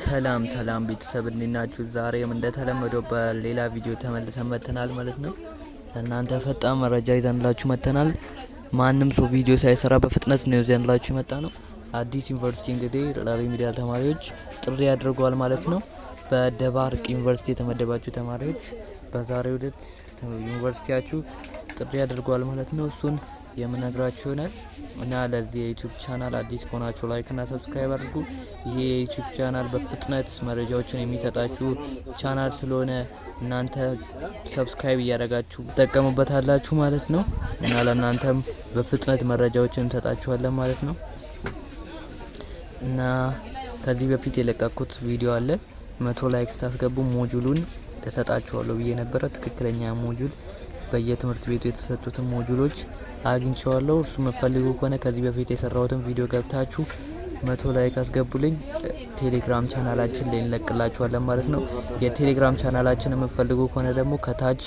ሰላም ሰላም ቤተሰብ እንዴት ናችሁ? ዛሬም እንደተለመደው በሌላ ቪዲዮ ተመልሰን መጥተናል ማለት ነው። ለእናንተ ፈጣን መረጃ ይዘንላችሁ መጥተናል። ማንም ሰው ቪዲዮ ሳይሰራ በፍጥነት ነው ይዘንላችሁ የመጣ ነው። አዲስ ዩኒቨርሲቲ እንግዲህ ለሪሚዲያል ተማሪዎች ጥሪ አድርጓል ማለት ነው። በደባርቅ ዩኒቨርሲቲ የተመደባችሁ ተማሪዎች በዛሬው ዕለት ዩኒቨርሲቲያችሁ ጥሪ አድርጓል ማለት ነው። እሱን የምነግራችሁ ይሆናል እና ለዚህ የዩቲዩብ ቻናል አዲስ ከሆናችሁ ላይክ እና ሰብስክራይብ አድርጉ። ይሄ የዩቲዩብ ቻናል በፍጥነት መረጃዎችን የሚሰጣችሁ ቻናል ስለሆነ እናንተ ሰብስክራይብ እያደረጋችሁ ትጠቀሙበታላችሁ ማለት ነው እና ለእናንተም በፍጥነት መረጃዎችን እንሰጣችኋለን ማለት ነው እና ከዚህ በፊት የለቀኩት ቪዲዮ አለ መቶ ላይክ ስታስገቡ ሞጁሉን እሰጣችኋለሁ ብዬ ነበረ። ትክክለኛ ሞጁል በየትምህርት ቤቱ የተሰጡትን ሞጁሎች አግኝቸዋለሁ እሱ መፈልጉ ከሆነ ከዚህ በፊት የሰራሁትን ቪዲዮ ገብታችሁ መቶ ላይክ አስገቡልኝ። ቴሌግራም ቻናላችን ላይ እንለቅላችኋለን ማለት ነው። የቴሌግራም ቻናላችን የምፈልጉ ከሆነ ደግሞ ከታች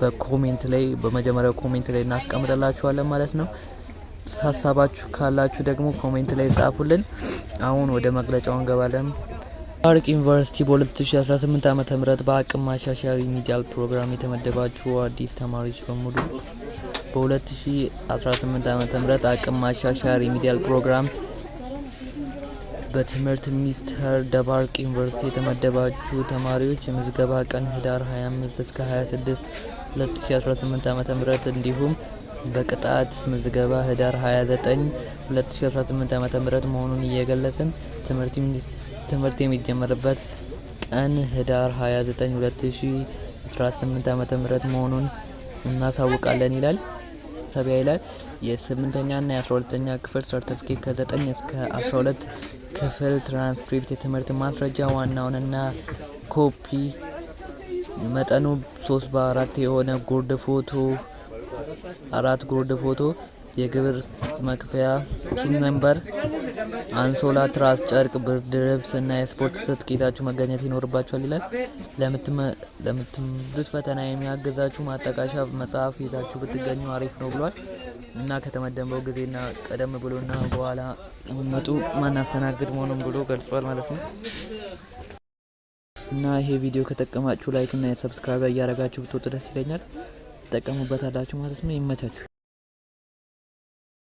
በኮሜንት ላይ በመጀመሪያው ኮሜንት ላይ እናስቀምጠላችኋለን ማለት ነው። ሀሳባችሁ ካላችሁ ደግሞ ኮሜንት ላይ ጻፉልን። አሁን ወደ መግለጫው እንገባለን። ሐረር ዩኒቨርሲቲ በ2018 ዓ ም በአቅም ማሻሻያ ሪሚዲያል ፕሮግራም የተመደባችሁ አዲስ ተማሪዎች በሙሉ በ2018 ዓ ም አቅም ማሻሻያ ሪሚዲያል ፕሮግራም በትምህርት ሚኒስቴር ደባርቅ ዩኒቨርሲቲ የተመደባችሁ ተማሪዎች የምዝገባ ቀን ህዳር 25 እስከ 26 2018 ዓ ም እንዲሁም በቅጣት ምዝገባ ህዳር 29 2018 ዓ ም መሆኑን እየገለጽን ትምህርት ሚኒስቴር ትምህርት የሚጀመርበት ቀን ህዳር 292018 2018 ዓ.ም መሆኑን እናሳውቃለን ይላል ሰቢያ ይላል። የስምንተኛ እና የ12ተኛ ክፍል ሰርቲፊኬት ከ9 እስከ 12 ክፍል ትራንስክሪፕት፣ የትምህርት ማስረጃ ዋናውንና ኮፒ መጠኑ 3 በአራት የሆነ ጉርድ ፎቶ፣ አራት ጉርድ ፎቶ፣ የግብር መክፈያ ኪን መንበር አንሶላ፣ ትራስ፣ ጨርቅ፣ ብርድ ልብስ እና የስፖርት ትጥቂታችሁ መገኘት ይኖርባችኋል ይላል። ለምትምዱት ፈተና የሚያግዛችሁ ማጠቃሻ መጽሐፍ ይዛችሁ ብትገኙ አሪፍ ነው ብሏል። እና ከተመደበው ጊዜና ቀደም ብሎና በኋላ መጡ ማናስተናግድ መሆኑን ብሎ ገልጿል ማለት ነው። እና ይሄ ቪዲዮ ከጠቀማችሁ ላይክ እና ሰብስክራይብ እያደረጋችሁ ብትወጡ ደስ ይለኛል። ትጠቀሙበታላችሁ ማለት ነው። ይመቻችሁ።